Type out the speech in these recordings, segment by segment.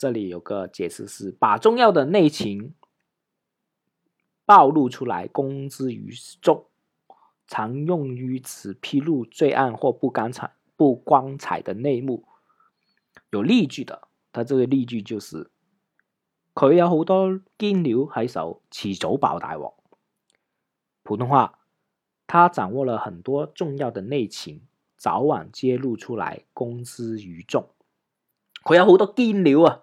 這裡有個解釋是把重要的內情暴露出來，公之於眾。常用於此披露罪案或不光彩、不光彩的內幕。有例句的，它這個例句就是：佢有好多堅料喺手，遲早爆大鑊」。普通話，他掌握了很多重要的內情，早晚揭露出來，公之於眾。佢有好多堅料啊！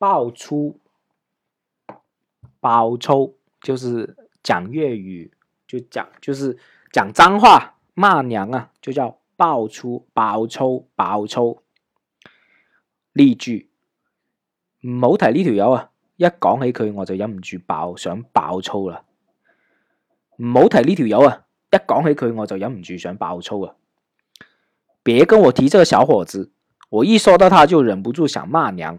爆粗、爆粗，就是講粵語，就講，就是講髒話、罵娘啊，就叫爆粗、爆粗、爆粗。例句：唔好提呢條友啊，一講起佢我就忍唔住爆，想爆粗啦。唔好提呢條友啊，一講起佢我就忍唔住想爆粗啊。別跟我提這個小伙子，我一說到他就忍不住想罵娘。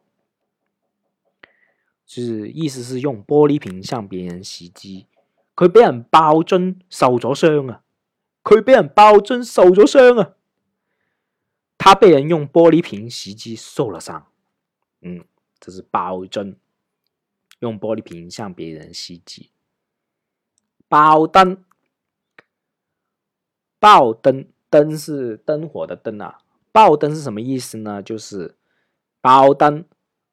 就是意思是用玻璃瓶向別人襲擊，佢俾人爆樽受咗傷啊！佢俾人爆樽受咗傷啊！他被人用玻璃瓶襲擊，受了傷。嗯，這是爆樽，用玻璃瓶向別人襲擊。爆燈，爆燈，燈是燈火的燈啊！爆燈是什麼意思呢？就是爆燈。